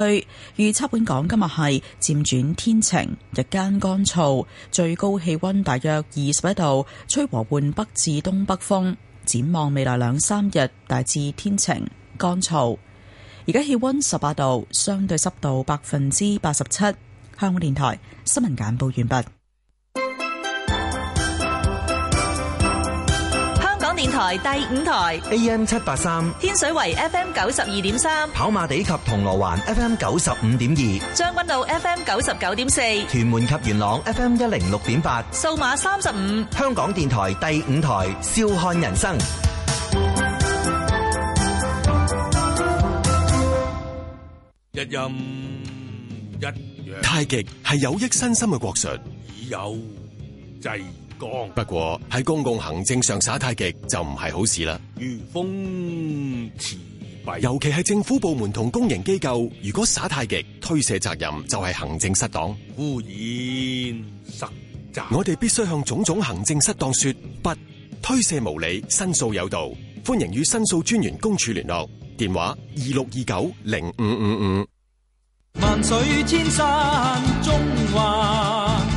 據預測本港今日係漸轉天晴，日間乾燥，最高氣溫大約二十一度，吹和緩北至東北風。展望未來兩三日大致天晴乾燥。而家氣溫十八度，相對濕度百分之八十七。香港電台新聞簡報完畢。電台第五台 AM 七八三，天水圍 FM 九十二點三，跑馬地及銅鑼灣 FM 九十五點二，將軍澳 FM 九十九點四，屯門及元朗 FM 一零六點八，數碼三十五，香港電台第五台笑看人生，一陰一陽，太極係有益身心嘅國術，已有制。不過喺公共行政上耍太極就唔係好事啦，遇風尤其係政府部門同公營機構，如果耍太極推卸責任，就係行政失當，污染失責。我哋必須向種種行政失當說不，推卸無理，申訴有道。歡迎與申訴專員公署聯絡，電話二六二九零五五五。萬水千山，中華。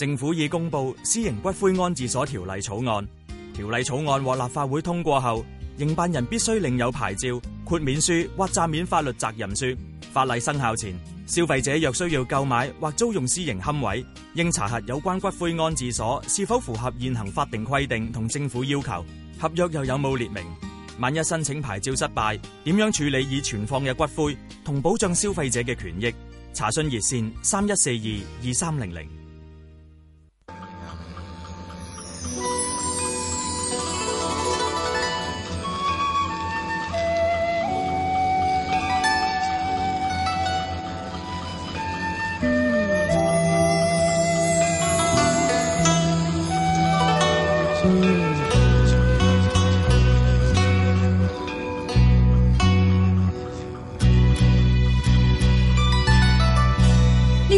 政府已公布《私營骨灰安置所條例草案》。條例草案獲立法會通過後，營辦人必須領有牌照、豁免書或暫免法律責任書。法例生效前，消費者若需要購買或租用私營龕位，應查核有關骨灰安置所是否符合現行法定規定同政府要求，合約又有冇列明。萬一申請牌照失敗，點樣處理已存放嘅骨灰，同保障消費者嘅權益？查詢熱線三一四二二三零零。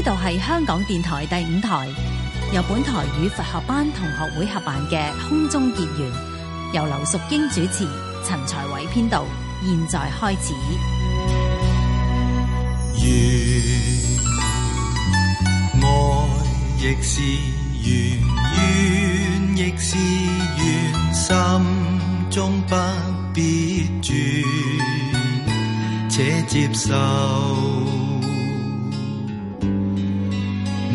呢度係香港電台第五台，由本台與佛學班同學會合辦嘅空中結緣，由劉淑英主持，陳才偉編導，現在開始。願愛亦是緣，怨亦是緣，心中不必轉，且接受。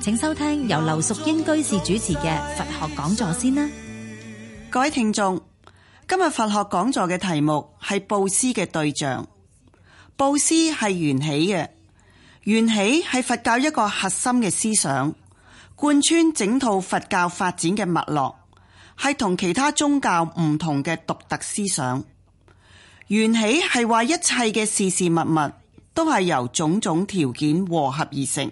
請收聽由劉淑英居士主持嘅佛學講座先啦，各位聽眾，今日佛學講座嘅題目係布施嘅對象。布施係緣起嘅，緣起係佛教一個核心嘅思想，貫穿整套佛教發展嘅脈絡，係同其他宗教唔同嘅獨特思想。緣起係話一切嘅事事物物都係由種種條件和合而成。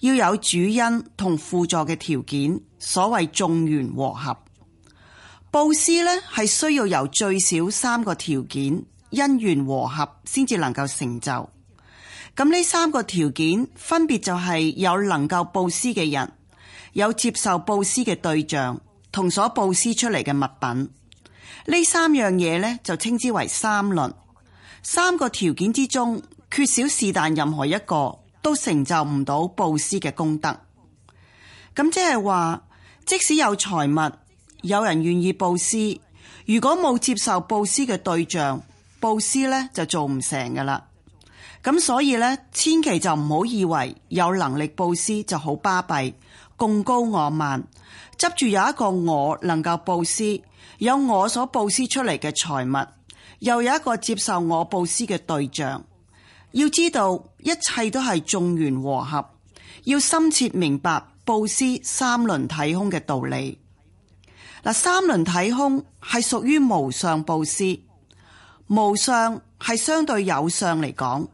要有主因同輔助嘅條件，所謂眾緣和合，布施呢，係需要由最少三個條件，因緣和合先至能夠成就。咁呢三個條件分別就係有能夠布施嘅人，有接受布施嘅對象同所布施出嚟嘅物品，呢三樣嘢呢，就稱之為三輪。三個條件之中缺少是但任何一個。都成就唔到布施嘅功德，咁即係話，即使有財物，有人願意布施，如果冇接受布施嘅對象，布施呢就做唔成噶啦。咁所以呢，千祈就唔好以為有能力布施就好巴閉，貢高我慢，執住有一個我能夠布施，有我所布施出嚟嘅財物，又有一個接受我布施嘅對象，要知道。一切都係眾緣和合，要深切明白布施三輪體空嘅道理。嗱，三輪體空係屬於無上布施，無上係相對有上嚟講，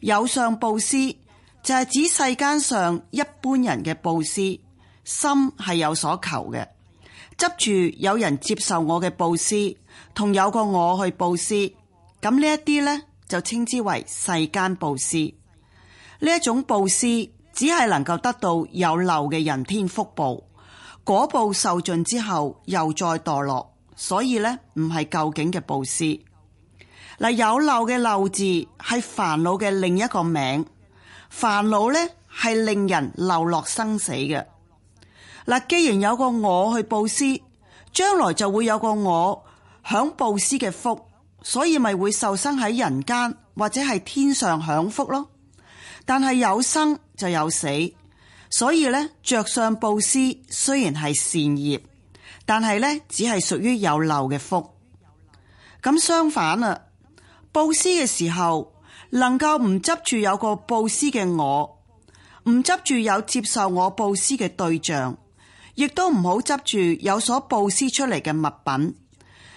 有上布施就係指世間上一般人嘅布施，心係有所求嘅，執住有人接受我嘅布施，同有個我去布施，咁呢一啲呢。就稱之為世間布施。呢一種布施只係能夠得到有漏嘅人天福報，果報受盡之後又再墮落，所以呢，唔係究竟嘅布施。嗱，有漏嘅漏字係煩惱嘅另一個名，煩惱呢係令人流落生死嘅。嗱，既然有個我去布施，將來就會有個我享布施嘅福。所以咪會受生喺人間或者係天上享福咯，但係有生就有死，所以咧着相布施雖然係善業，但係咧只係屬於有漏嘅福。咁相反啊，布施嘅時候，能夠唔執住有個布施嘅我，唔執住有接受我布施嘅對象，亦都唔好執住有所布施出嚟嘅物品。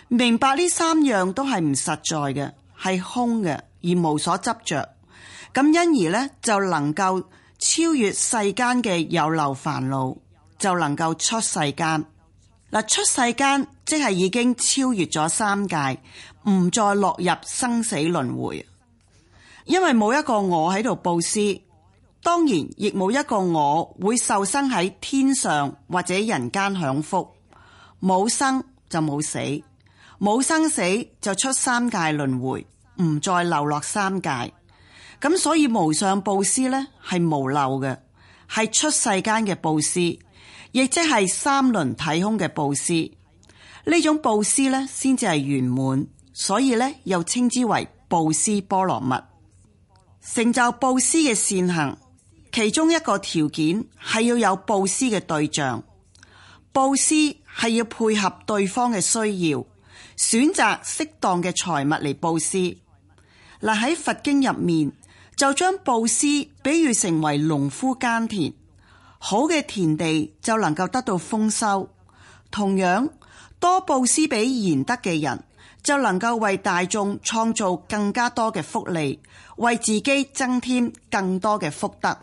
明白呢三樣都係唔實在嘅，係空嘅，而無所執着，咁因而咧就能夠超越世間嘅有漏煩惱，就能夠出世間嗱。出世間即係已經超越咗三界，唔再落入生死輪迴。因為冇一個我喺度布施，當然亦冇一個我會受生喺天上或者人間享福，冇生就冇死。冇生死就出三界輪迴，唔再流落三界。咁所以無上布施咧係無漏嘅，係出世間嘅布施，亦即係三輪體空嘅布施。呢種布施咧先至係圓滿，所以咧又稱之為布施波羅蜜。成就布施嘅善行，其中一個條件係要有布施嘅對象，布施係要配合對方嘅需要。選擇適當嘅財物嚟布施，嗱，喺佛經入面，就將布施比喻成為農夫耕田，好嘅田地就能夠得到豐收。同樣，多布施俾賢德嘅人，就能夠為大眾創造更加多嘅福利，為自己增添更多嘅福德。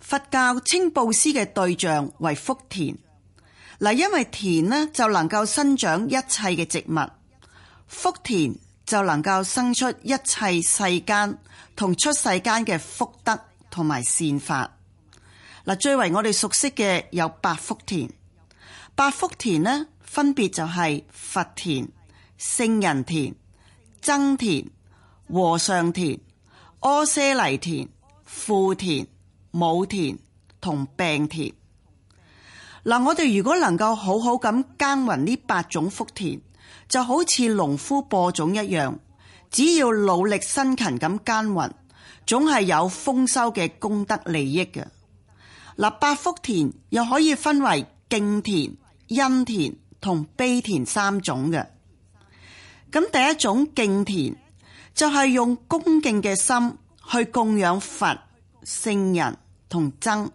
佛教稱布施嘅對象為福田。嗱，因為田呢就能夠生長一切嘅植物，福田就能夠生出一切世間同出世間嘅福德同埋善法。嗱，最為我哋熟悉嘅有八福田，八福田呢分別就係佛田、聖人田、僧田、和尚田、阿闍黎田、富田、母田同病田。嗱，我哋如果能夠好好咁耕耘呢八種福田，就好似農夫播種一樣，只要努力辛勤咁耕耘，總係有豐收嘅功德利益嘅。嗱，八福田又可以分為敬田、恩田同悲田三種嘅。咁第一種敬田就係、是、用恭敬嘅心去供養佛、聖人同僧。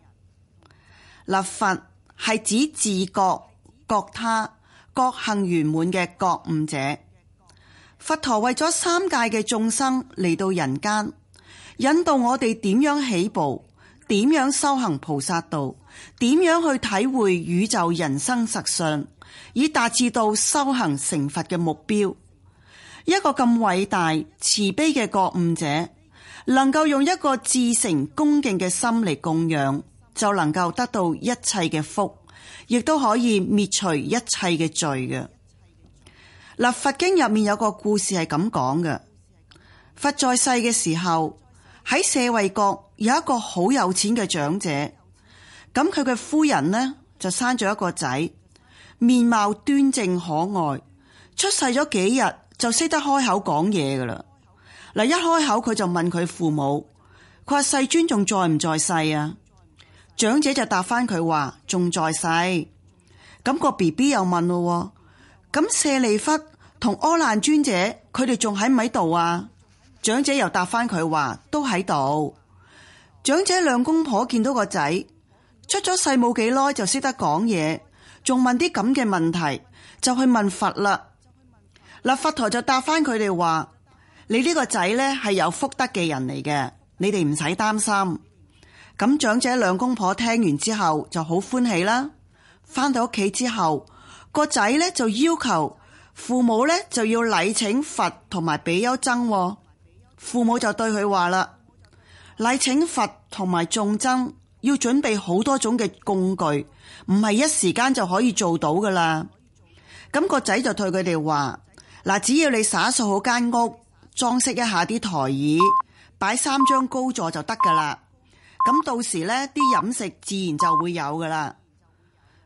嗱，佛。係指自覺、覺他、覺行圓滿嘅覺悟者。佛陀為咗三界嘅眾生嚟到人間，引導我哋點樣起步，點樣修行菩薩道，點樣去體會宇宙人生實相，以達至到修行成佛嘅目標。一個咁偉大慈悲嘅覺悟者，能夠用一個至誠恭敬嘅心嚟供養，就能夠得到一切嘅福，亦都可以滅除一切嘅罪嘅。嗱，佛經入面有個故事係咁講嘅。佛在世嘅時候，喺舍衛國有一個好有錢嘅長者，咁佢嘅夫人呢就生咗一個仔，面貌端正可愛，出世咗幾日就識得開口講嘢噶啦嗱。一開口佢就問佢父母，佢話世尊仲在唔在世啊？長者就答翻佢話仲在世，咁個 B B 又問咯，咁舍利弗同阿難尊者佢哋仲喺唔喺度啊？長者又答翻佢話都喺度。長者兩公婆見到個仔出咗世冇幾耐就識得講嘢，仲問啲咁嘅問題，就去問佛啦。嗱，佛陀就答翻佢哋話：你呢個仔呢，係有福德嘅人嚟嘅，你哋唔使擔心。咁長者兩公婆聽完之後就好歡喜啦。返到屋企之後，個仔呢就要求父母呢就要禮請佛同埋比丘僧哦。父母就對佢話啦，禮請佛同埋眾僧，要準備好多種嘅供具，唔係一時間就可以做到噶啦。咁個仔就對佢哋話：嗱，只要你灑掃好間屋，裝飾一下啲台椅，擺三張高座就得噶啦。咁到時呢啲飲食自然就會有噶啦。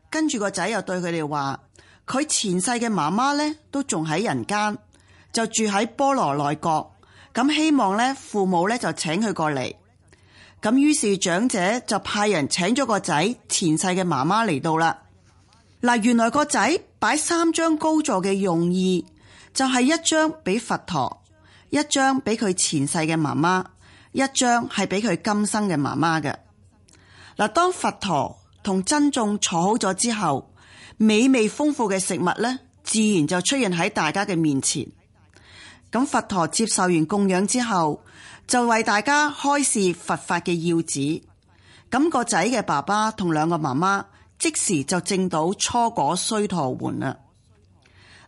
跟住個仔又對佢哋話：佢前世嘅媽媽呢都仲喺人間，就住喺波羅奈國。咁希望呢父母呢就請佢過嚟。咁於是長者就派人請咗個仔前世嘅媽媽嚟到啦。嗱，原來個仔擺三張高座嘅用意，就係一張俾佛陀，一張俾佢前世嘅媽媽。一張係俾佢今生嘅媽媽嘅嗱。當佛陀同珍重坐好咗之後，美味豐富嘅食物咧，自然就出現喺大家嘅面前。咁佛陀接受完供養之後，就為大家開示佛法嘅要旨。咁、那個仔嘅爸爸同兩個媽媽即時就證到初果須陀洹啦。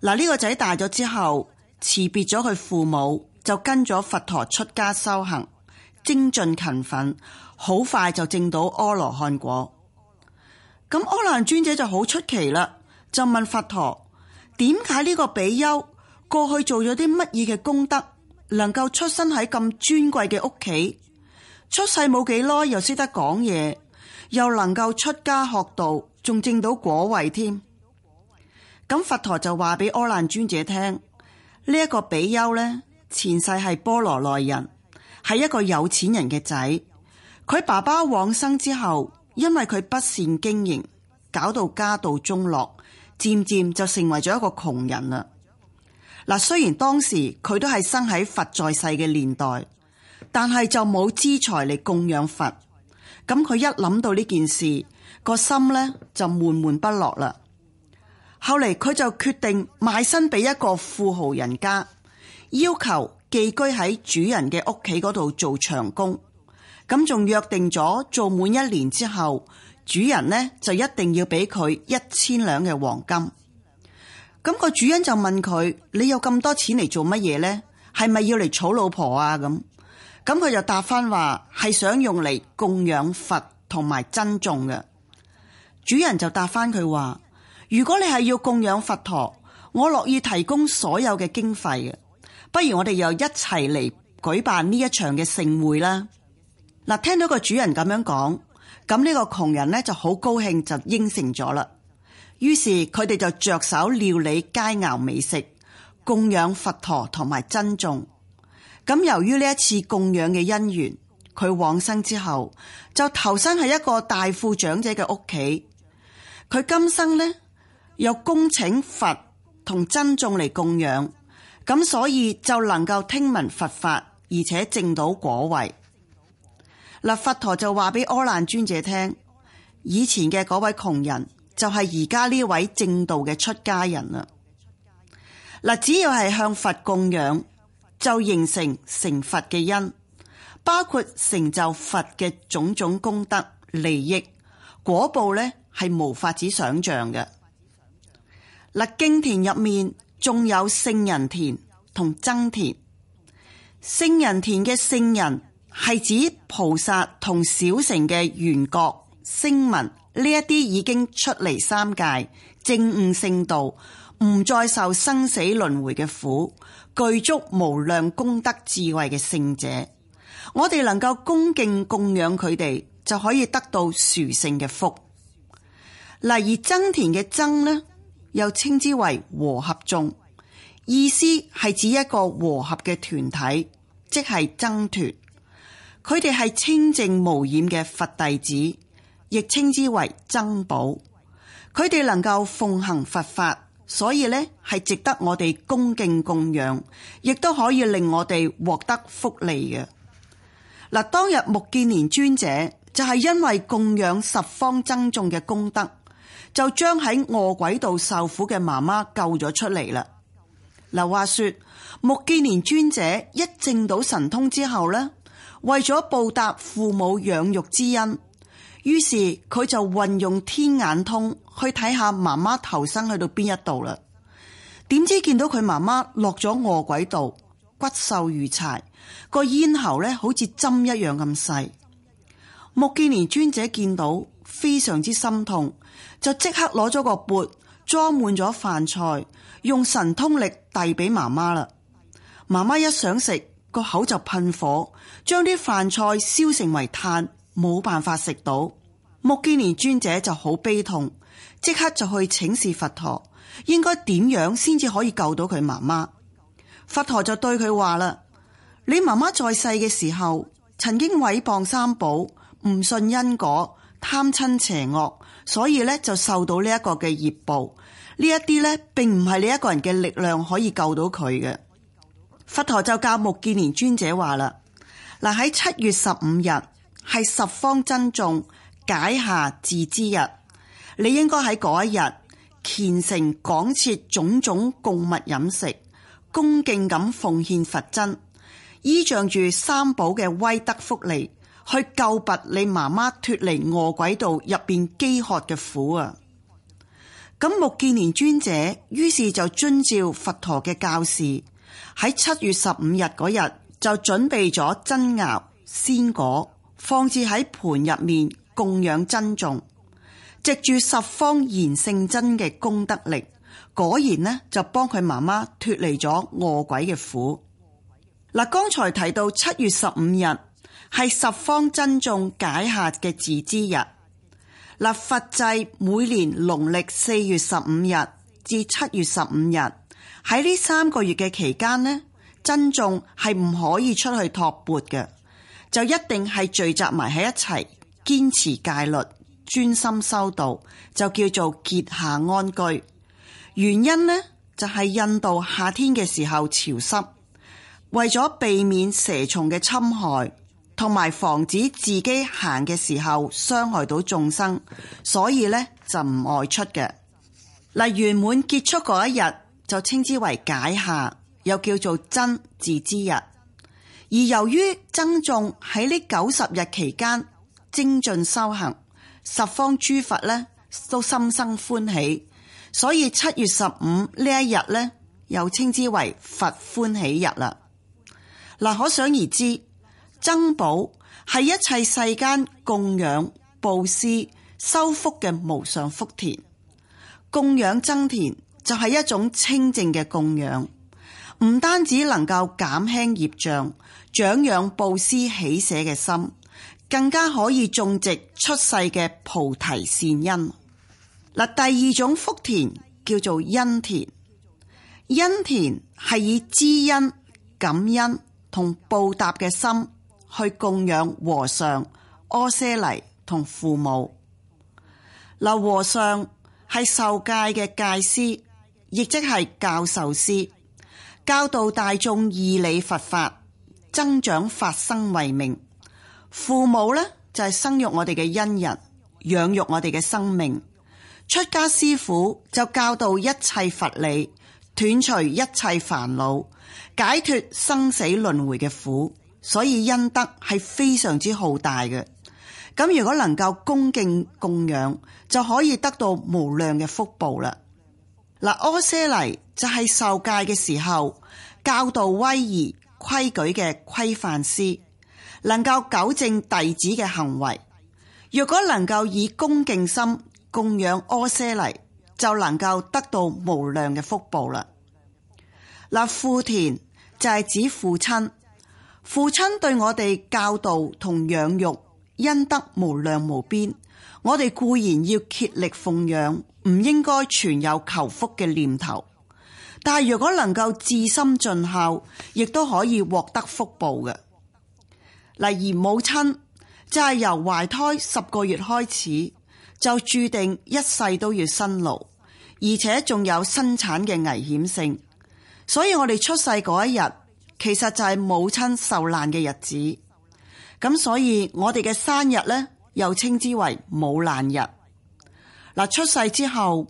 嗱、這、呢個仔大咗之後辭別咗佢父母，就跟咗佛陀出家修行。精進勤奮，好快就證到阿羅漢果。咁阿蘭尊者就好出奇啦，就問佛陀：點解呢個比丘過去做咗啲乜嘢嘅功德，能夠出，出生喺咁尊貴嘅屋企？出世冇幾耐又識得講嘢，又能夠出家學道，仲證到果位添？咁佛陀就話俾阿蘭尊者聽：呢、這、一個比丘呢，前世係波羅奈人。係一個有錢人嘅仔，佢爸爸往生之後，因為佢不善經營，搞到家道中落，漸漸就成為咗一個窮人啦。嗱，雖然當時佢都係生喺佛在世嘅年代，但係就冇資財嚟供養佛。咁佢一諗到呢件事，個心呢就悶悶不樂啦。後嚟佢就決定賣身俾一個富豪人家，要求。寄居喺主人嘅屋企嗰度做長工，咁仲約定咗做滿一年之後，主人呢就一定要俾佢一千兩嘅黃金。咁個主人就問佢：你有咁多錢嚟做乜嘢呢？係咪要嚟娶老婆啊？咁咁佢就答翻話：係想用嚟供養佛同埋珍重嘅。主人就答翻佢話：如果你係要供養佛陀，我樂意提供所有嘅經費嘅。不如我哋又一齊嚟舉辦呢一場嘅盛會啦！嗱，聽到個主人咁樣講，咁呢個窮人咧就好高興，就應承咗啦。於是佢哋就着手料理佳肴美食，供養佛陀同埋珍重。咁由於呢一次供養嘅因緣，佢往生之後就投身喺一個大富長者嘅屋企。佢今生咧又恭請佛同珍重嚟供養。咁所以就能夠聽聞佛法，而且證到果位。嗱，佛陀就話畀阿難尊者聽，以前嘅嗰位窮人就係而家呢位正道嘅出家人啦。嗱，只要係向佛供養，就形成成佛嘅因，包括成就佛嘅種種功德利益果報咧，係無法子想象嘅。嗱，經典入面。仲有聖人田同增田，聖人田嘅聖人係指菩薩同小乘嘅緣覺、聲聞。呢一啲已經出離三界、正悟聖道，唔再受生死輪迴嘅苦，具足無量功德智慧嘅聖者。我哋能夠恭敬供養佢哋，就可以得到殊勝嘅福。例如增田嘅僧呢？又稱之為和合眾，意思係指一個和合嘅團體，即係僧團。佢哋係清淨無染嘅佛弟子，亦稱之為僧寶。佢哋能夠奉行佛法，所以呢係值得我哋恭敬供養，亦都可以令我哋獲得福利嘅。嗱，當日目犍連尊者就係因為供養十方僧眾嘅功德。就將喺餓鬼道受苦嘅媽媽救咗出嚟啦。嗱，話說，目犍連尊者一證到神通之後呢，為咗報答父母養育之恩，於是佢就運用天眼通去睇下媽媽投生去到邊一度啦。點知見到佢媽媽落咗餓鬼道，骨瘦如柴，個咽喉咧好似針一樣咁細。目犍連尊者見到。非常之心痛，就即刻攞咗個缽裝滿咗飯菜，用神通力遞俾媽媽啦。媽媽一想食，個口就噴火，將啲飯菜燒成為炭，冇辦法食到。目犍連尊者就好悲痛，即刻就去請示佛陀，應該點樣先至可以救到佢媽媽。佛陀就對佢話啦：「你媽媽在世嘅時候曾經毀謗三寶，唔信因果。貪瞋邪惡，所以咧就受到呢一個嘅業報。呢一啲咧，並唔係你一個人嘅力量可以救到佢嘅。佛陀就教目犍連尊者話啦：嗱喺七月十五日係十方僧眾解夏自恣之日，你應該喺嗰一日虔誠廣設種種供物飲食，恭敬咁奉獻佛真，依仗住三寶嘅威德福利。去救拔你媽媽脱離餓鬼道入邊飢渴嘅苦啊！咁目犍連尊者於是就遵照佛陀嘅教示，喺七月十五日嗰日就準備咗真肴鮮果，放置喺盤入面供養珍重。藉住十方賢聖真嘅功德力，果然呢就幫佢媽媽脫離咗餓鬼嘅苦。嗱，剛才提到七月十五日。係十方僧眾解夏嘅自恣日，立法制每年農曆四月十五日至七月十五日喺呢三個月嘅期間呢，僧眾係唔可以出去托缽嘅，就一定係聚集埋喺一齊，堅持戒律，專心修道，就叫做結夏安居。原因呢就係印度夏天嘅時候潮濕，為咗避免蛇蟲嘅侵害。同埋防止自己行嘅時候傷害到眾生，所以咧就唔外出嘅。嗱，圓滿結束嗰一日就稱之為解夏，又叫做僧自恣之日。而由於僧眾喺呢九十日期間精進修行，十方諸佛咧都心生歡喜，所以七月十五呢一日咧又稱之為佛歡喜日啦。嗱，可想而知。僧寶係一切世間供養、布施、修福嘅無上福田。供養僧田就係一種清淨嘅供養，唔單止能夠減輕業障，長養布施喜捨嘅心，更加可以種植出世嘅菩提善因。嗱，第二種福田叫做恩田，恩田係以知恩、感恩同報答嘅心。去供養和尚、阿闍黎同父母。嗱，和尚係受戒嘅戒師，亦即係教授師，教導大眾義理佛法，增長法身慧命。父母呢，就係、是、生育我哋嘅恩人，養育我哋嘅生命。出家師父就教導一切佛理，斷除一切煩惱，解脱生死輪回嘅苦。所以恩德係非常之浩大嘅，咁如果能夠恭敬供養，就可以得到無量嘅福報啦。嗱，阿闍黎就係受戒嘅時候教導威儀規矩嘅規範師，能夠糾正弟子嘅行為。若果能夠以恭敬心供養阿闍黎，就能夠得到無量嘅福報啦。嗱，父田就係指父親。父親對我哋教導同養育恩德無量無邊，我哋固然要竭力奉養，唔應該存有求福嘅念頭。但係若果能夠至心盡孝，亦都可以獲得福報嘅。例如母親，就係由懷胎十個月開始，就注定一世都要辛勞，而且仲有生產嘅危險性，所以我哋出世嗰一日。其實就係母親受難嘅日子，咁所以我哋嘅生日呢，又稱之為母難日嗱。出世之後，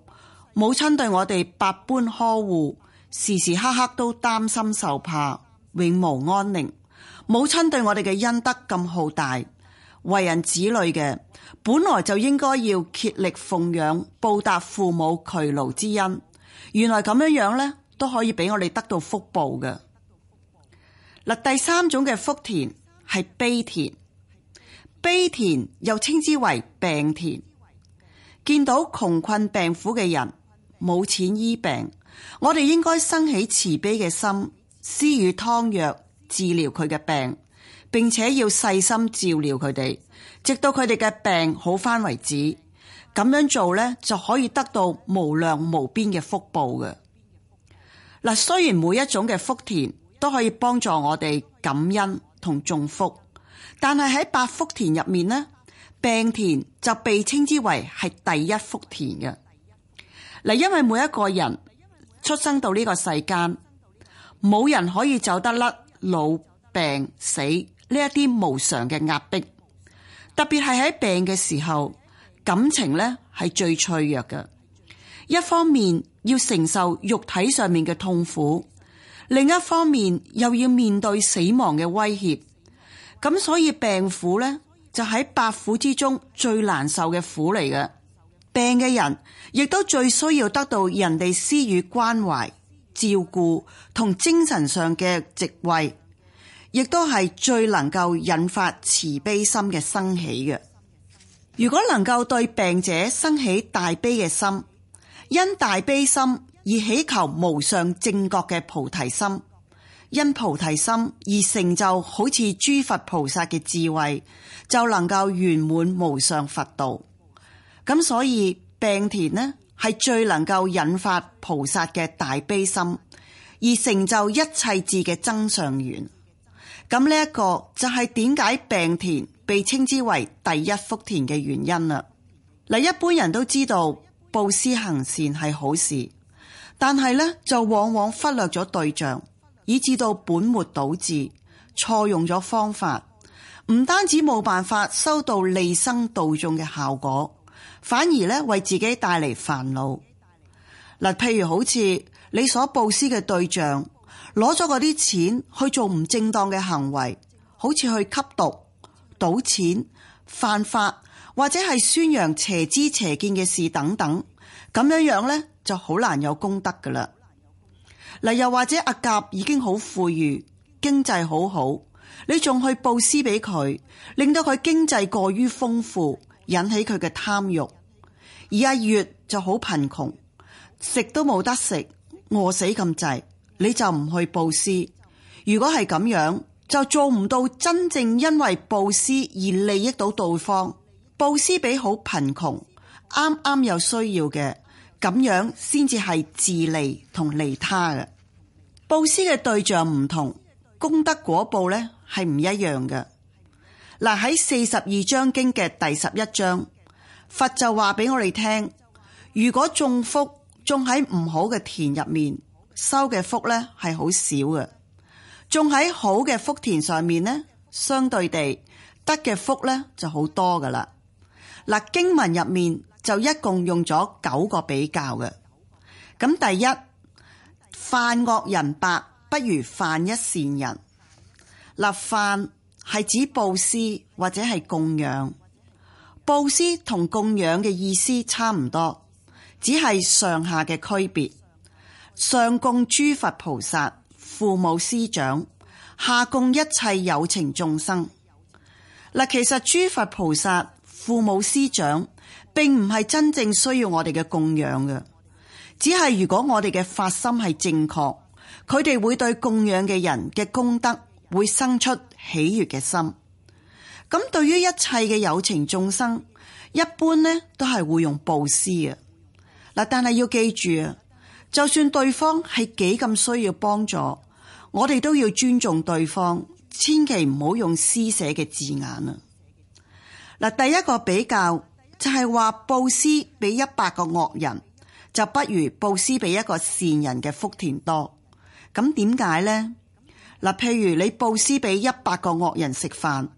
母親對我哋百般呵護，時時刻刻都擔心受怕，永無安寧。母親對我哋嘅恩德咁浩大，為人子女嘅，本來就應該要竭力奉養，報答父母劬勞之恩。原來咁樣樣呢，都可以俾我哋得到福報嘅。第三種嘅福田係悲田，悲田又稱之為病田。見到窮困病苦嘅人，冇錢醫病，我哋應該生起慈悲嘅心，施予湯藥治療佢嘅病，並且要細心照料佢哋，直到佢哋嘅病好翻為止。咁樣做咧，就可以得到無量無邊嘅福報嘅。嗱，雖然每一種嘅福田，都可以幫助我哋感恩同種福，但係喺八福田入面呢，病田就被稱之為係第一福田嘅。嗱，因為每一個人出生到呢個世間，冇人可以走得甩老病死呢一啲無常嘅壓迫。特別係喺病嘅時候，感情呢係最脆弱嘅。一方面要承受肉體上面嘅痛苦。另一方面，又要面對死亡嘅威脅，咁所以病苦咧就喺百苦之中最難受嘅苦嚟嘅。病嘅人亦都最需要得到人哋施予關懷、照顧同精神上嘅藉慰，亦都係最能夠引發慈悲心嘅生起嘅。如果能夠對病者生起大悲嘅心，因大悲心。而祈求無上正覺嘅菩提心，因菩提心而成就，好似諸佛菩薩嘅智慧，就能夠圓滿無上佛道。咁所以病田呢係最能夠引發菩薩嘅大悲心，而成就一切智嘅增上緣。咁呢一個就係點解病田被稱之為第一福田嘅原因啦。嗱，一般人都知道布施行善係好事。但係咧，就往往忽略咗對象，以致到本末倒置，錯用咗方法，唔單止冇辦法收到利生度眾嘅效果，反而咧為自己帶嚟煩惱。嗱，譬如好似你所布施嘅對象，攞咗嗰啲錢去做唔正當嘅行為，好似去吸毒、賭錢、犯法，或者係宣揚邪知邪見嘅事等等，咁樣樣咧。就好難有功德噶啦。嗱，又或者阿甲已經好富裕，經濟好好，你仲去布施俾佢，令到佢經濟過於豐富，引起佢嘅貪慾；而阿乙就好貧窮，食都冇得食，餓死咁滯，你就唔去布施。如果係咁樣，就做唔到真正因為布施而利益到對方。布施俾好貧窮、啱啱有需要嘅。咁樣先至係自利同利他嘅，布施嘅對象唔同，功德果報咧係唔一樣嘅。嗱喺四十二章經嘅第十一章，佛就話俾我哋聽：如果種福種喺唔好嘅田入面，收嘅福咧係好少嘅；種喺好嘅福田上面咧，相對地得嘅福咧就好多噶啦。嗱經文入面。就一共用咗九個比較嘅，咁第一犯惡人百不如犯一善人。嗱，犯係指布施或者係供養，布施同供養嘅意思差唔多，只係上下嘅區別。上供諸佛菩薩、父母師長，下供一切有情眾生。嗱，其實諸佛菩薩，父母師長，並唔係真正需要我哋嘅供養嘅，只係如果我哋嘅發心係正確，佢哋會對供養嘅人嘅功德會生出喜悅嘅心。咁對於一切嘅有情眾生，一般呢都係會用布施嘅。嗱，但係要記住啊，就算對方係幾咁需要幫助，我哋都要尊重對方，千祈唔好用施捨嘅字眼啊！嗱，第一個比較就係話，布施俾一百個惡人，就不如布施俾一個善人嘅福田多。咁點解呢？嗱，譬如你布施俾一百個惡人食飯，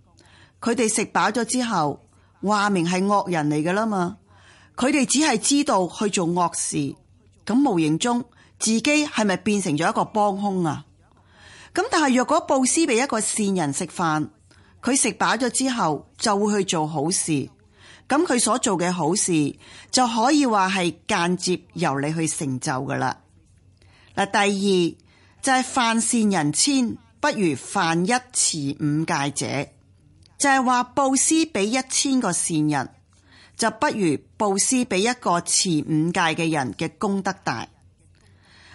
佢哋食飽咗之後，話明係惡人嚟㗎啦嘛。佢哋只係知道去做惡事，咁無形中自己係咪變成咗一個幫兇啊？咁但係若果布施俾一個善人食飯。佢食飽咗之後就會去做好事，咁佢所做嘅好事就可以話係間接由你去成就噶啦。第二就係、是、犯飯善人千不如飯一持五戒者，就係、是、話布施俾一千個善人，就不如布施俾一個持五戒嘅人嘅功德大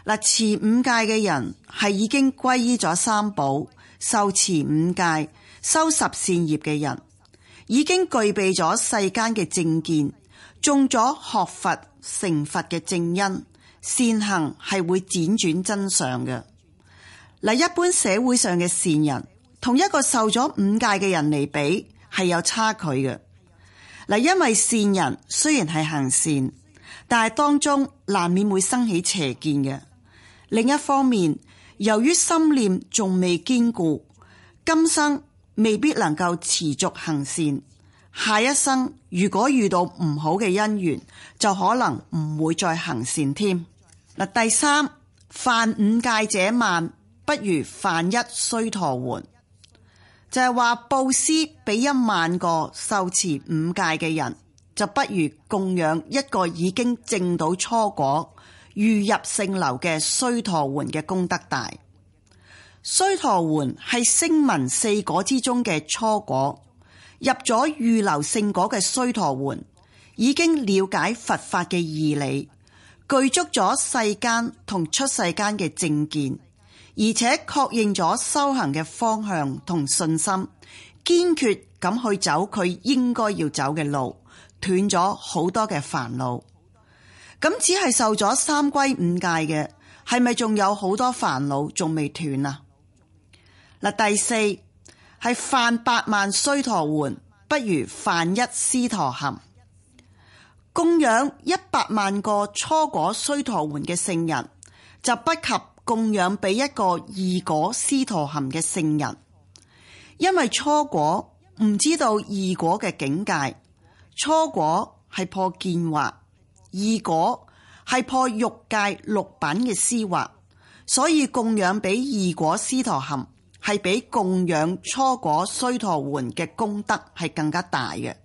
嗱。持五戒嘅人係已經歸依咗三寶，受持五戒。.收拾善業嘅人已經具備咗世間嘅正見，種咗學佛成佛嘅正因。善行係會輾轉真相嘅。嗱，一般社會上嘅善人同一個受咗五戒嘅人嚟比係有差距嘅。嗱，因為善人雖然係行善，但係當中難免會生起邪見嘅。另一方面，由於心念仲未堅固，今生。未必能夠持續行善，下一生如果遇到唔好嘅因緣，就可能唔會再行善添。第三，犯五戒者萬不如犯一須陀洹，就係、是、話布施俾一萬個受持五戒嘅人，就不如供養一個已經證到初果、預入聖流嘅須陀洹嘅功德大。須陀洹係聲聞四果之中嘅初果，入咗預流聖果嘅須陀洹已經了解佛法嘅義理，具足咗世間同出世間嘅正見，而且確認咗修行嘅方向同信心，堅決咁去走佢應該要走嘅路，斷咗好多嘅煩惱。咁只係受咗三歸五戒嘅，係咪仲有好多煩惱仲未斷啊？嗱，第四係犯百萬須陀洹，不如犯一斯陀含。供養一百萬個初果須陀洹嘅聖人，就不及供養俾一個二果斯陀含嘅聖人，因為初果唔知道二果嘅境界，初果係破見惑，二果係破欲界六品嘅思惑，所以供養俾二果斯陀含。係比供養初果須陀洹嘅功德係更加大嘅。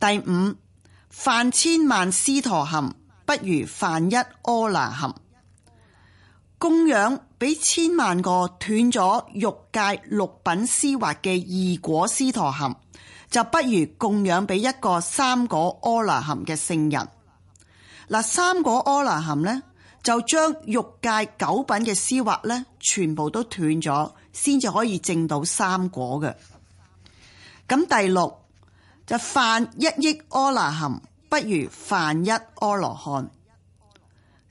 第五，犯千萬斯陀含，不如犯一阿那含。供養俾千萬個斷咗欲界六品思惑嘅二果斯陀含，就不如供養俾一個三果阿那含嘅聖人。嗱，三果阿那含呢？就將欲界九品嘅思惑咧，全部都斷咗，先至可以證到三果嘅。咁第六就犯一億阿羅漢，不如犯一阿羅漢。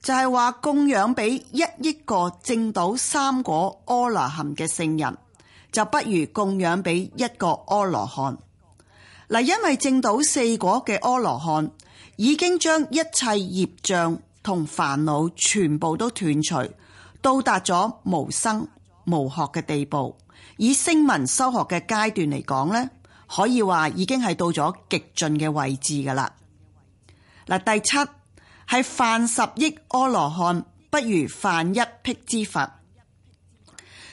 就係話供養俾一億個證到三果阿羅漢嘅聖人，就不如供養俾一個阿羅漢。嗱，因為證到四果嘅阿羅漢已經將一切業障。同煩惱全部都斷除，到達咗無生無學嘅地步，以聲聞修學嘅階段嚟講呢，可以話已經係到咗極盡嘅位置噶啦。嗱，第七係犯十億阿羅漢，不如犯一辟支佛，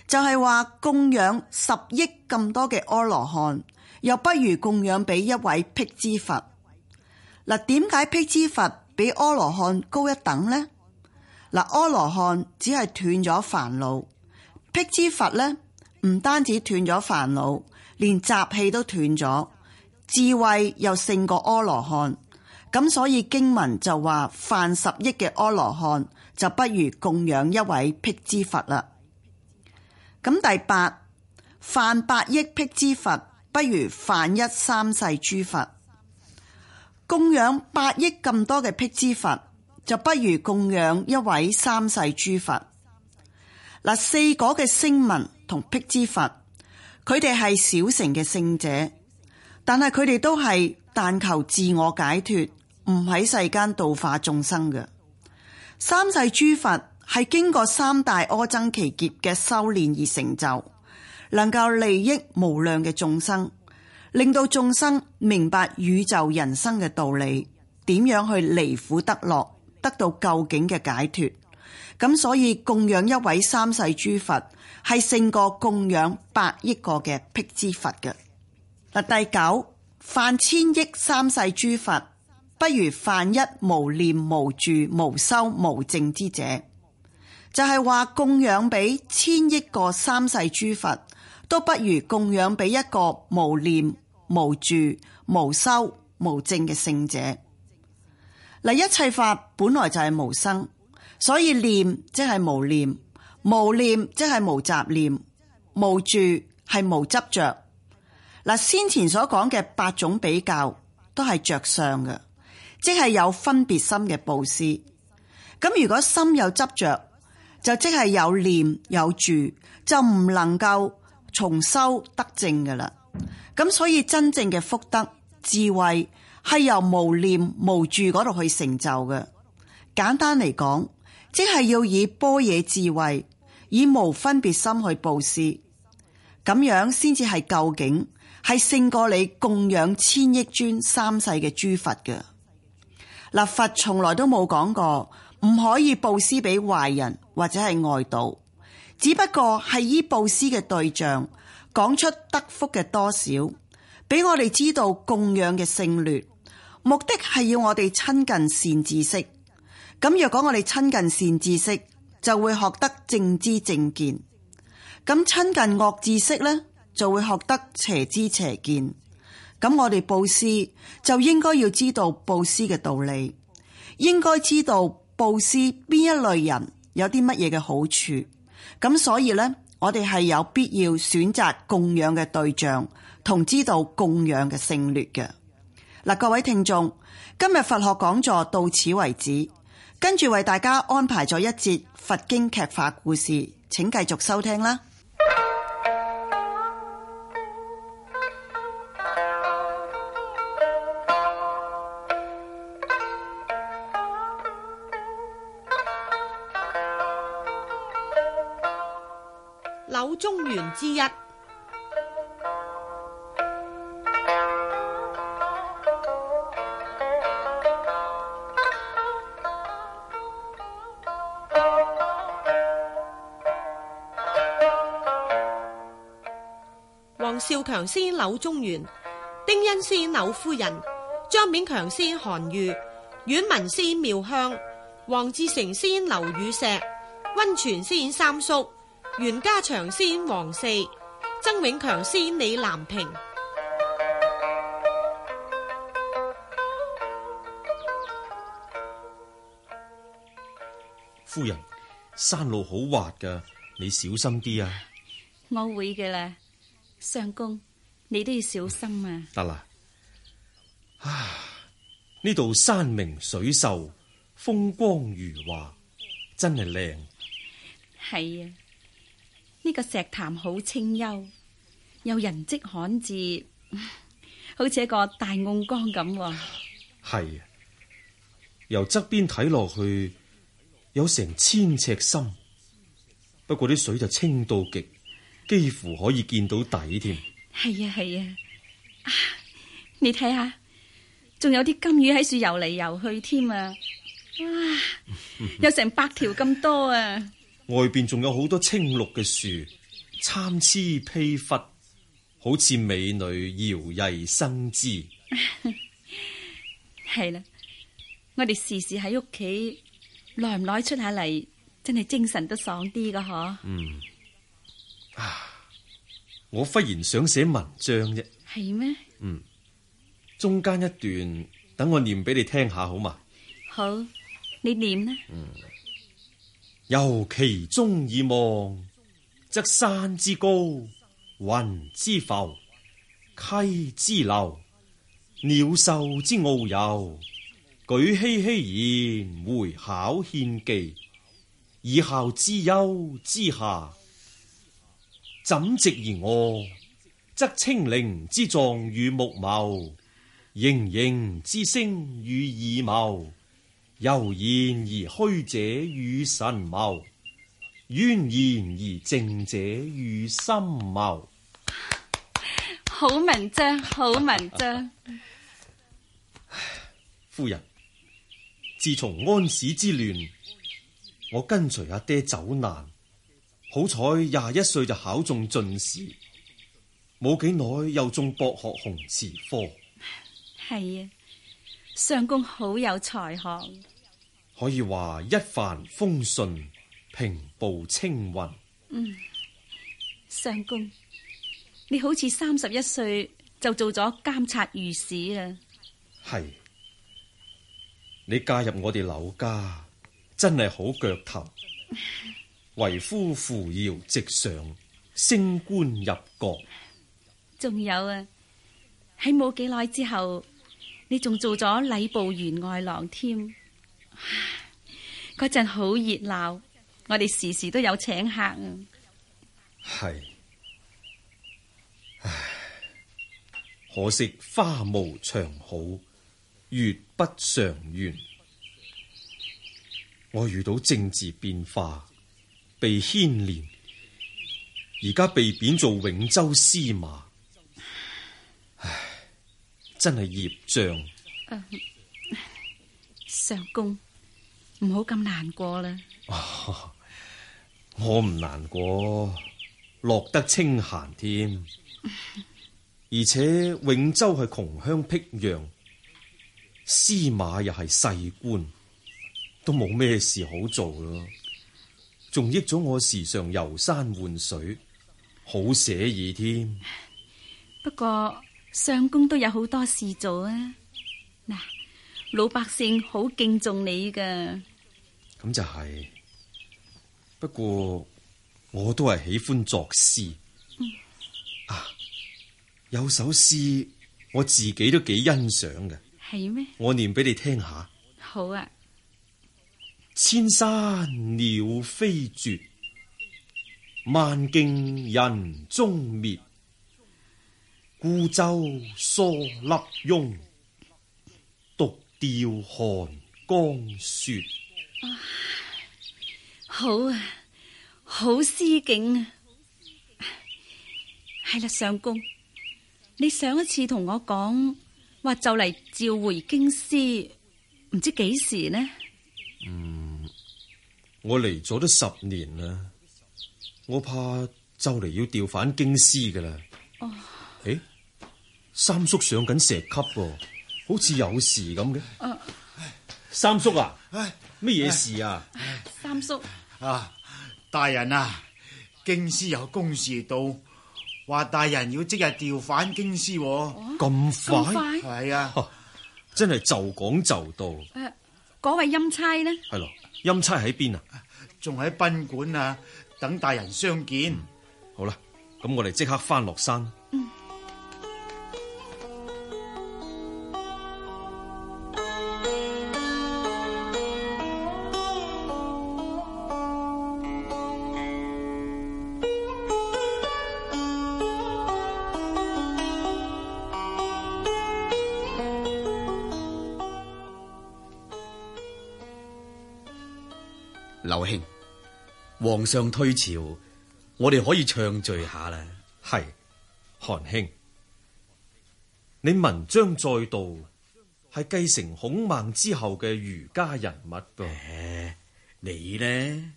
就係話供養十億咁多嘅阿羅漢，又不如供養俾一位辟支佛。嗱，點解辟支佛比阿羅漢高一等呢？嗱，阿羅漢只係斷咗煩惱，辟支佛呢，唔單止斷咗煩惱，連習氣都斷咗，智慧又勝過阿羅漢，咁所以經文就話犯十億嘅阿羅漢就不如供養一位辟支佛啦。咁第八，犯百億辟支佛，不如犯一三世諸佛。供養八億咁多嘅辟支佛，就不如供養一位三世諸佛。嗱，四果嘅聲聞同辟支佛，佢哋係小乘嘅聖者，但係佢哋都係但求自我解脱，唔喺世間度化眾生嘅。三世諸佛係經過三大阿僧祇劫嘅修煉而成就，能夠利益無量嘅眾生。令到眾生明白宇宙人生嘅道理，點樣去離苦得樂，得到究竟嘅解脫。咁所以供養一位三世諸佛，係勝過供養百億個嘅辟支佛嘅。第九，犯千億三世諸佛，不如犯一無念無住無修無證之者。就係話供養俾千億個三世諸佛。都不如供養俾一個無念、無住、無修、無證嘅聖者。嗱，一切法本來就係無生，所以念即係無念，無念即係無雜念，無住係無執着。嗱，先前所講嘅八種比較都係着相嘅，即係有分別心嘅布施。咁如果心有執着，就即係有念有住，就唔能夠。重修得正嘅啦，咁所以真正嘅福德智慧係由無念無住嗰度去成就嘅。簡單嚟講，即係要以般若智慧，以無分別心去布施，咁樣先至係究竟係勝過你供養千億尊三世嘅諸佛嘅。嗱，佛從來都冇講過唔可以布施俾壞人或者係外道。只不過係依布施嘅對象，講出得福嘅多少，俾我哋知道供養嘅勝劣，目的係要我哋親近善知識。咁若果我哋親近善知識，就會學得正知正見。咁親近惡知識呢，就會學得邪知邪見。咁我哋布施就應該要知道布施嘅道理，應該知道布施邊一類人有啲乜嘢嘅好處。咁所以咧，我哋係有必要選擇供養嘅對象，同知道供養嘅勝劣嘅。嗱，各位聽眾，今日佛學講座到此為止，跟住為大家安排咗一節佛經劇化故事，請繼續收聽啦。宗元之一，黃少強飾演柳宗元，丁恩飾演柳夫人，張勉強飾演韓愈，阮文飾演妙香，黃志成飾演劉禹錫，温泉飾演三叔。袁家祥先王四，曾永強先李南平。夫人，山路好滑噶，你小心啲啊！我會嘅啦，相公，你都要小心啊！得啦、嗯，啊！呢度山明水秀，風光如畫，真係靚。係啊。呢個石潭好清幽，有人跡罕至，好似一個大甕缸咁。係啊，由側邊睇落去，有成千尺深，不過啲水就清到極，幾乎可以見到底添。係啊係啊，啊，你睇下，仲有啲金魚喺樹游嚟游去添啊！哇，有成百條咁多啊！外邊仲有好多青綠嘅樹，參差披拂，好似美女搖曳生姿。係啦， 我哋時時喺屋企，耐唔耐出下嚟，真係精神都爽啲噶，嗬。嗯，啊，我忽然想寫文章啫。係咩嗎？嗯，中間一段，等我念俾你聽下，好嘛？好，你念啦。嗯。由其中以望，則山之高，雲之浮，溪之流，鳥獸之遨遊，舉熙熙然，回巧獻技，以孝之幽之下。枕席而臥，則清靈之狀與目謀，營營之聲與耳謀。悠然而虛者，與神謀；淵然而靜者，與心謀。好文章，好文章。 夫人，自從安史之亂，我跟隨阿爹走難，好彩廿一歲就考中進士，冇幾耐又中博學鴻詞科。係啊。相公好有才學，可以話一帆風順，平步青雲。嗯，相公，你好似三十一歲就做咗監察御史啦。係，你嫁入我哋柳家，真係好腳頭。為夫扶搖直上，升官入閣。仲有啊，喺冇幾耐之後。你仲做咗禮部員外郎添，嗰陣好熱鬧，我哋時時都有請客啊。係，唉，可惜花無長好，月不常圓。我遇到政治變化，被牽連，而家被貶做永州司馬。唉。真係孽障、呃，相公唔好咁難過啦。 我唔難過，落得清閒添。而且永州係窮鄉僻壤，司馬又係細官，都冇咩事好做咯。仲益咗我時常遊山玩水，好寫意添。不過。相公都有好多事做啊！嗱，老百姓好敬重你噶，咁就係、是。不過我都係喜歡作詩、嗯、啊，有首詩我自己都幾欣賞嘅，係咩嗎？我念俾你聽下。好啊。千山鳥飛絕，萬徑人蹤滅。孤舟蓑笠翁，獨釣寒江雪，啊。好啊，好詩景啊，係 啦，啊，相公，你上一次同我講話就嚟召回京師，唔知幾時呢？嗯，我嚟咗都十年啦，我怕就嚟要調返京師噶啦。哦三叔上緊石級喎，好似有事咁嘅。三叔啊，咩嘢事啊？三叔啊，大人啊，京師有公事到，話大人要即日調返京師。咁快？係啊，真係就講就到。嗰、啊、位欽差呢？係咯，欽差喺邊啊？仲喺賓館啊，等大人相見。嗯、好啦，咁我哋即刻翻落山。劉兄，皇上退朝，我哋可以暢聚下啦。係，韓兄，你文章再度係繼承孔孟之後嘅儒家人物噃，哎。你呢？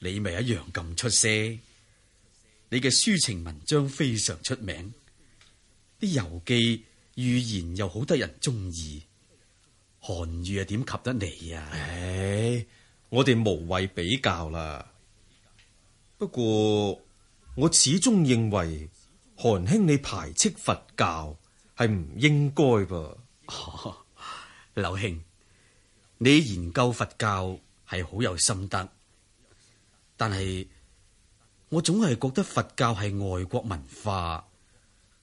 你咪一樣咁出色。你嘅抒情文章非常出名，啲遊記寓言又好得人中意。韓愈啊，點及得你啊？哎我哋無謂比較啦。不過我始終認為，韓兄你排斥佛教係唔應該噃。劉兄，哦，你研究佛教係好有心得，但係我總係覺得佛教係外國文化，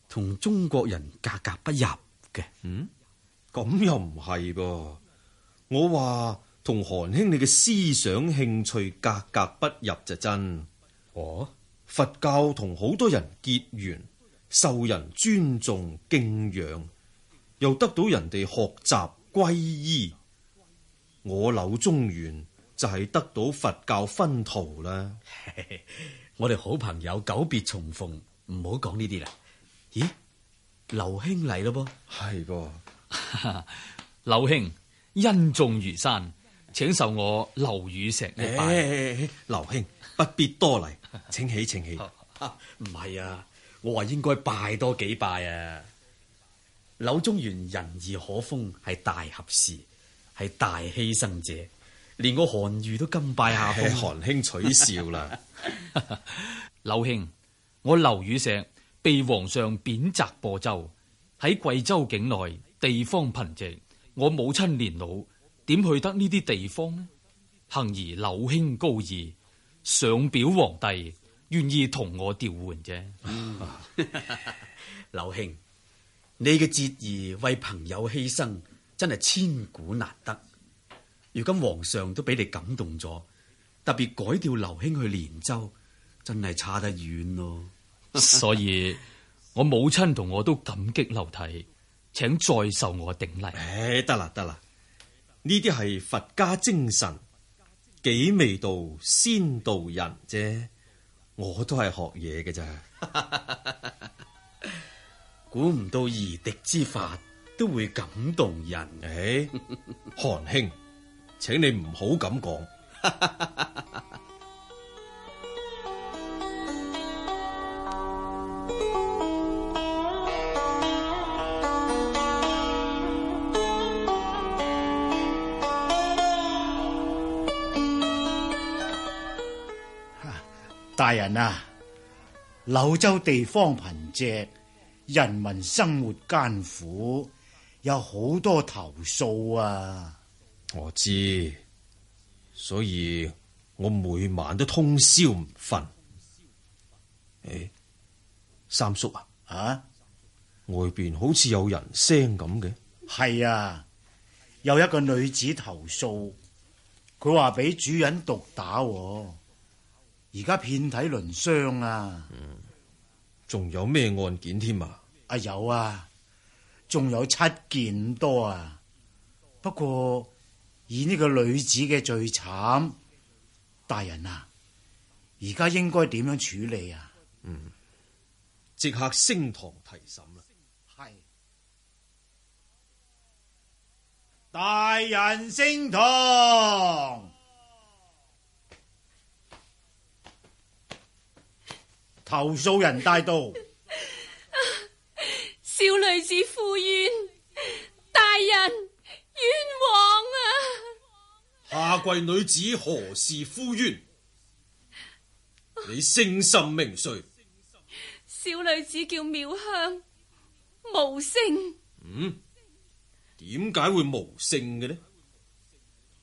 同中國人格格不入嘅。嗯，咁又唔係噃。我話。同韓兄你嘅思想興趣格格不入就真。我佛教同好多人結緣，受人尊重敬仰，又得到人哋學習皈依。我柳宗元就係得到佛教薰陶啦。我哋好朋友久別重逢，唔好講呢啲啦。咦，劉兄嚟啦噃？係噃的。劉 兄恩重如山。請受我劉禹錫嘅拜，劉、欸欸、兄不必多禮，請起，請起。唔、啊、係啊，我話應該拜多幾拜啊。柳宗元仁義可風，係大俠士，係大犧牲者，連我韓愈都甘拜下風。係、欸、韓兄取笑啦，劉 兄，我劉禹錫被皇上貶謫播州，喺貴州境內地方貧瘠，我母親年老。點去得呢啲地方呢？幸而、劉兄、高義上表皇帝願，願意同我調換啫。劉兄， 你嘅節義為朋友犧牲，真係千古難得。如今皇上都俾你感動咗，特別改調劉兄去連州，真係差得遠咯。 所以，我母親同我都感激劉體，請再受我頂禮。唉、哎，得啦，得啦。呢啲係佛家精神，己未道先道人啫，我都係學嘢嘅咋，估唔 到夷狄之法都會感動人唉，韓、欸、 兄，請你唔好咁講。 大人啊，柳州地方貧瘠，人民生活艱苦，有好多投訴啊！我知，所以我每晚都通宵唔瞓。誒、哎，三叔啊，啊，外邊好似有人聲咁嘅。係啊，有一個女子投訴，佢話俾主人毒打喎。而家遍體鱗傷啊！嗯，仲有咩案件添啊？啊，有啊，仲有七件多啊。不過以呢個女子嘅最慘，大人啊，而家應該點樣處理啊？嗯，即刻升堂提審啦！係，大人升堂。投訴人大道，啊、小女子呼冤，大人冤枉啊！下跪女子何事呼冤？啊、你姓甚名誰？小女子叫妙香，無姓。嗯，點解會無姓嘅呢？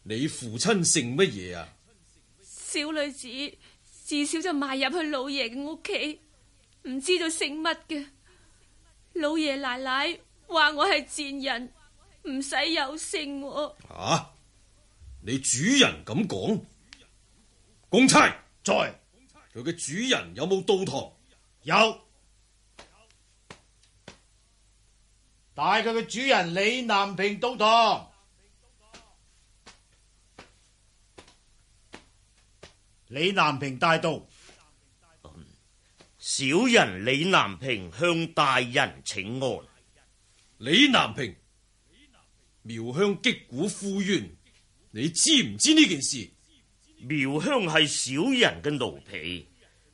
你父親姓乜嘢啊？小女子。至少就賣入去老爺嘅屋企，唔知道姓乜嘅。老爺奶奶話我係賤人，唔使有姓。吓、啊，你主人咁講？公差在，佢嘅警主人有冇到堂？道堂有，但係佢嘅主人李南平到堂。李南平帶到。嗯，小人李南平向大人請安。李南平，苗香擊鼓呼冤，你知唔知呢件事？苗香係小人嘅奴婢，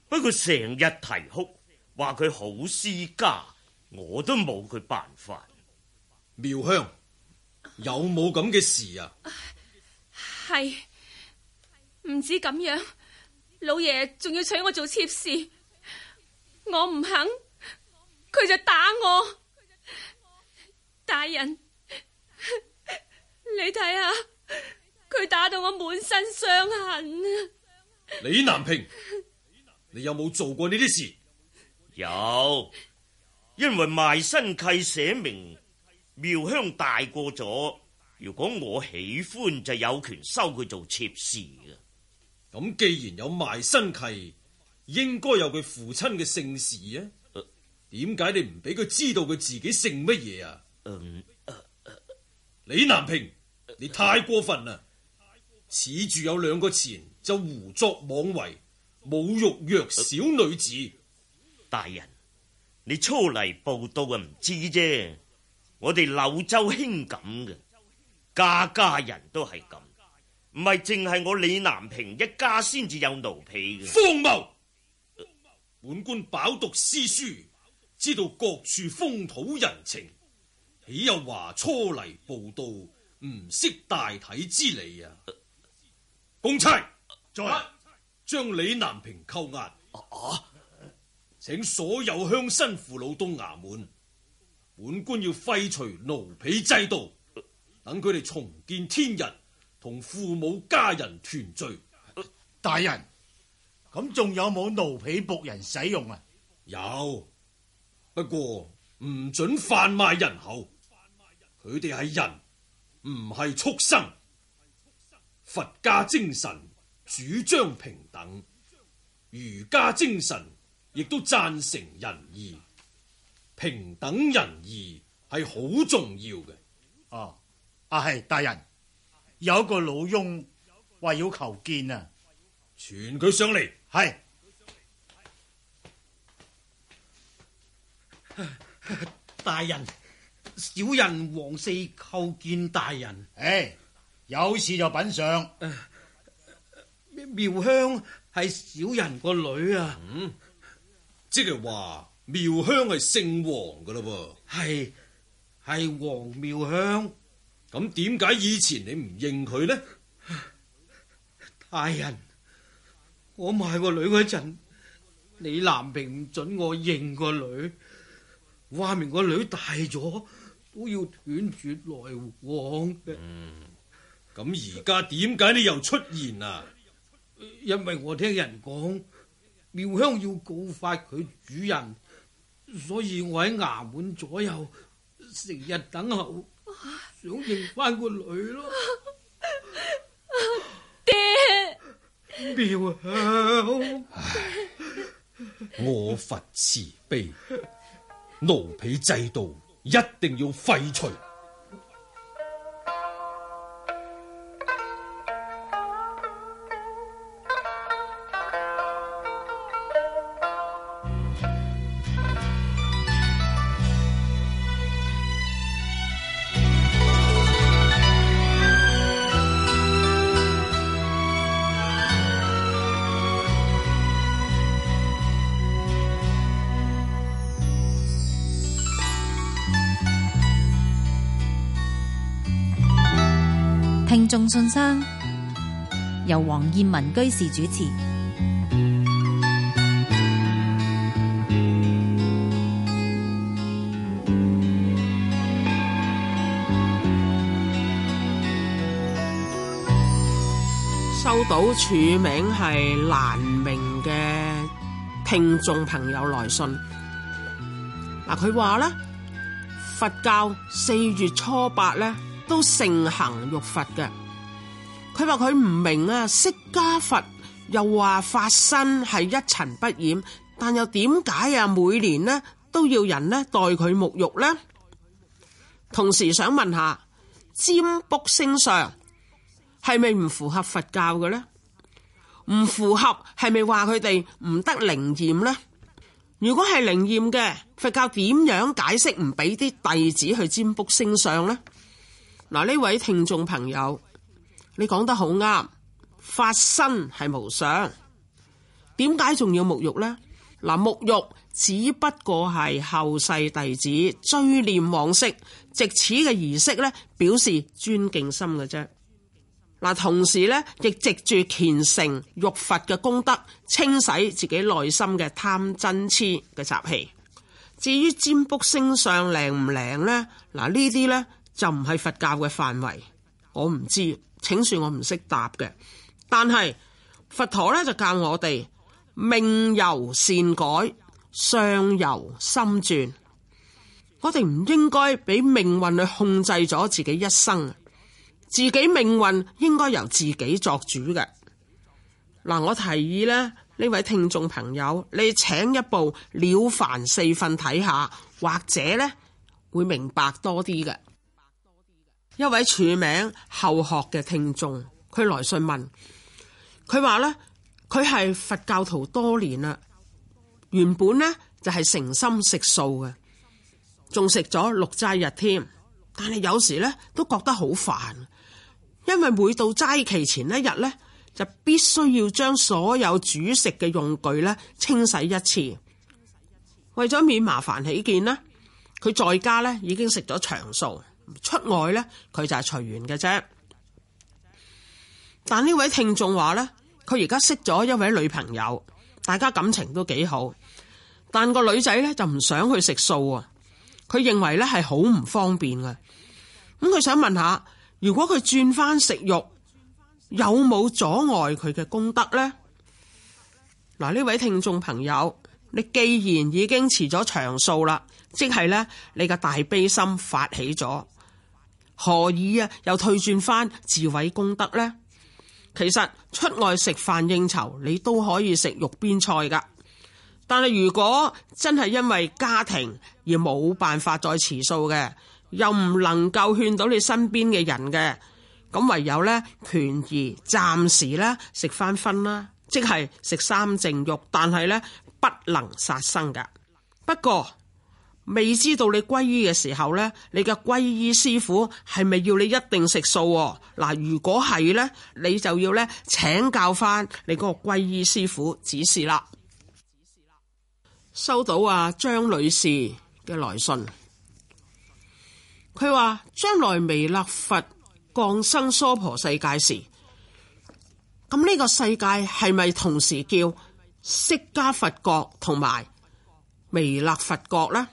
不過成日啼哭，話佢好思家，我都冇佢辦法。苗香有冇咁嘅事啊？係唔止咁樣。老爺仲要娶我做妾侍，我唔肯，佢就打我。大人，你睇下，佢打到我滿身傷痕啊！李南平，你有冇做過呢啲事？有，因為賣身契寫明妙香大過咗，如果我喜歡，就有權收佢做妾侍嘅。咁既然有賣身契，應該有佢父親嘅姓氏啊。點解你唔俾佢知道佢自己姓乜嘢啊？嗯、呃、李南平，呃、你太過分啦！恃住有兩個錢就胡作妄為，侮辱弱小女子。大人，你初嚟埠到啊，唔知啫。我哋柳州興咁嘅，家家人都係咁。唔係淨係我李南平一家先至有奴婢嘅，荒謬！呃、本官飽讀詩書，知道各處風土人情，豈有話初嚟報道唔識大體之理啊？呃、公差再將、啊、李南平扣押。啊，啊請所有鄉紳父老到衙門，本官要廢除奴婢制度，等佢哋重見天，天日。同父母家人團聚。呃、大人，咁仲有冇奴婢僕人使用啊？有，不過唔准販賣人口。佢哋係人，唔係畜生佛家精神主張平等，儒家精神亦都贊成仁義。平等仁義係好重要嘅。啊。啊啊係，大人。有一個老翁話要求見啊，傳佢上嚟。係是 大人，小人王四叩見大人。哎，hey, 有事就稟上。 苗香係小人個女啊， 即係話苗香係姓王噶咯噃。係係王苗香。咁點解以前你唔認佢呢？大人，我賣個女嗰陣，你南平唔准我認個女，話明個女大咗都要斷絕來往嘅。咁而家點解你又出現啊？因為我聽人講，妙香要告發佢主人，所以我喺衙門左右成日等候。想認翻個女咯，爹，妙啊！ 我佛慈悲，奴婢制度一定要廢除。信生，由黃燕文居士主持。收到署名係難明嘅聽眾朋友來信，嗱，佢話咧，佛教四月初八咧都盛行浴佛嘅。佢話佢唔明啊，釋迦佛又話法身係一塵不染，但又點解啊每年呢都要人呢代佢沐浴呢？同時想問下，占卜星相係咪唔符合佛教嘅呢？唔符合係咪話佢哋唔得靈驗呢？如果係靈驗嘅，佛教點樣解釋唔俾啲弟子去占卜星相呢？嗱，呢位聽眾朋友。你講得好啱，法身係無相。點解仲要沐浴呢？嗱，沐浴只不過係後世弟子追念往昔，借此嘅儀式咧，表示尊敬心嘅啫。嗱，同時呢，亦藉住虔誠浴佛嘅功德，清洗自己內心嘅貪真痴嘅習氣。至於占卜星相靈唔靈呢？嗱，呢啲呢，就唔係佛教嘅範圍，我唔知。請恕我唔識答嘅，但係佛陀咧就教我哋命由善改，相由心轉。我哋唔應該俾命運去控制咗自己一生，自己命運應該由自己作主嘅。嗱，我提議呢，呢位聽眾朋友，你請一部《了凡四訓》睇下，或者呢會明白多啲嘅。一位署名後學嘅聽眾，佢來詢問：佢話呢佢係佛教徒多年啦，原本呢就係誠心食素嘅，仲食咗六齋日添。但係有時呢都覺得好煩，因為每到齋期前一日呢，就必須要將所有煮食嘅用具呢清洗一次。為咗免麻煩起見呢佢在家呢已經食咗長素。出外呢，佢就係隨緣嘅啫。但呢位聽眾話呢，佢而家識咗一位女朋友，大家感情都幾好。但個女仔呢，就唔想去食素啊，佢認為呢係好唔方便嘅。咁佢想問下，如果佢轉翻食肉，有冇阻礙佢嘅功德呢？嗱，呢位聽眾朋友，你既然已經持咗長素啦，即係呢，你個大悲心發起咗。何以啊？又退轉翻自毀功德呢？其實出外食飯應酬，你都可以食肉邊菜噶。但係如果真係因為家庭而冇辦法再持素嘅，又唔能夠勸到你身邊嘅人嘅，咁唯有呢，權宜暫時呢食翻葷啦，即係食三淨肉，但係呢不能殺生噶。不過。未知道你皈依嘅時候呢，你嘅皈依師傅係咪要你一定食素？嗱，如果係呢，你就要呢請教翻你嗰個皈依師傅指示啦。收到啊，張女士嘅來信，佢話將來彌勒佛降生娑婆世界時，咁、這、呢個世界係咪同時叫釋迦佛國同埋彌勒佛國呢？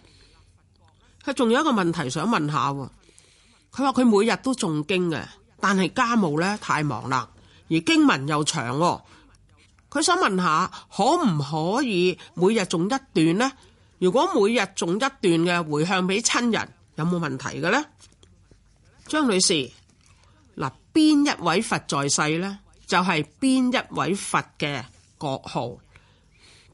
佢仲有一個問題想問下喎，佢話佢每日都誦經嘅，但係家務咧太忙啦，而經文又長，哦，佢想問下可唔可以每日誦一段呢？如果每日誦一段嘅回向俾親人，有冇問題嘅呢？張女士，嗱，邊一位佛在世呢？就係邊一位佛嘅國號，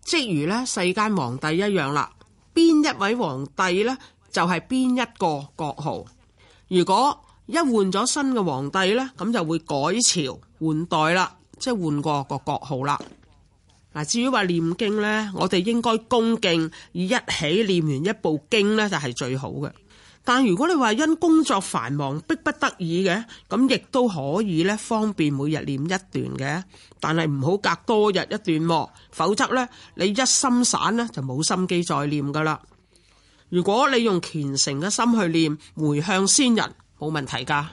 即如呢世間皇帝一樣啦，邊一位皇帝呢？就係邊一個國號？如果一換咗新嘅皇帝咧，咁就會改朝換代啦，即係換個個國號啦。嗱，至於話念經咧，我哋應該恭敬，而一起念完一部經咧就係最好嘅。但係如果你話因工作繁忙，迫不得已嘅，咁亦都可以咧，方便每日念一段嘅。但係唔好隔多日一段，否則咧你一心散咧就冇心機再念噶啦。如果你用虔誠嘅心去念，回向先人，冇問題噶。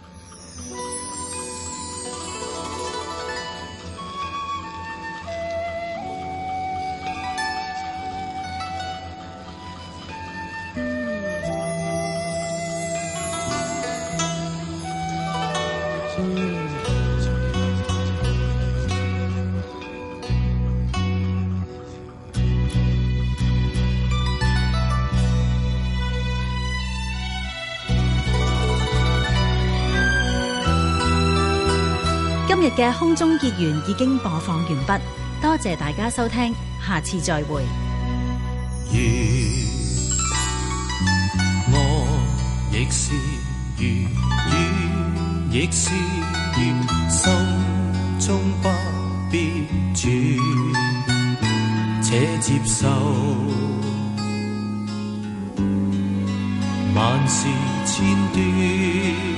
嘅空中結緣已經播放完畢，多謝大家收聽，下次再會。我亦是月，你亦是月，心中不必轉，且接受萬事千端。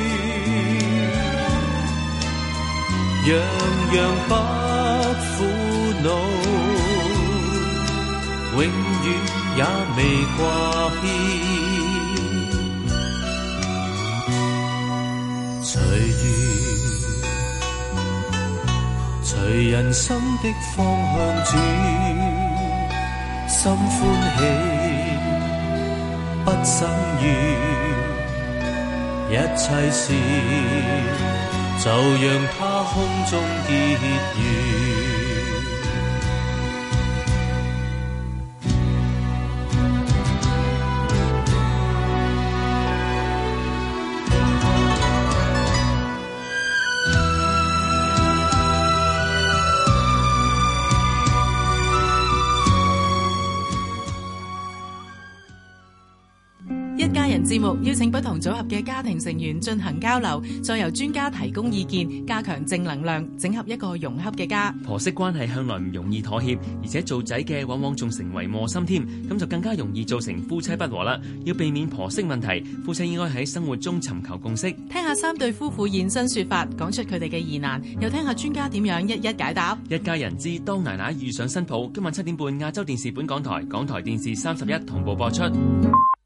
樣樣不苦惱，永遠也未掛牽。隨緣，隨人心的方向轉，心歡喜，不生怨。一切事就讓它。空中結緣。節目邀請不同組合嘅家庭成員進行交流，再由專家提供意見，加強正能量，整合一個融合嘅家。婆媳關係向來唔容易妥協，而且做仔嘅往往仲成為磨心添，咁就更加容易造成夫妻不和啦。要避免婆媳問題，夫妻，妻應該喺生活中尋求共識。聽下三對夫婦現身說法，講出佢哋嘅疑難，又聽下專家點樣一一解答。一家人之當奶奶遇上新抱，今晚七點半亞洲電視本港台、港台電視三十一同步播出。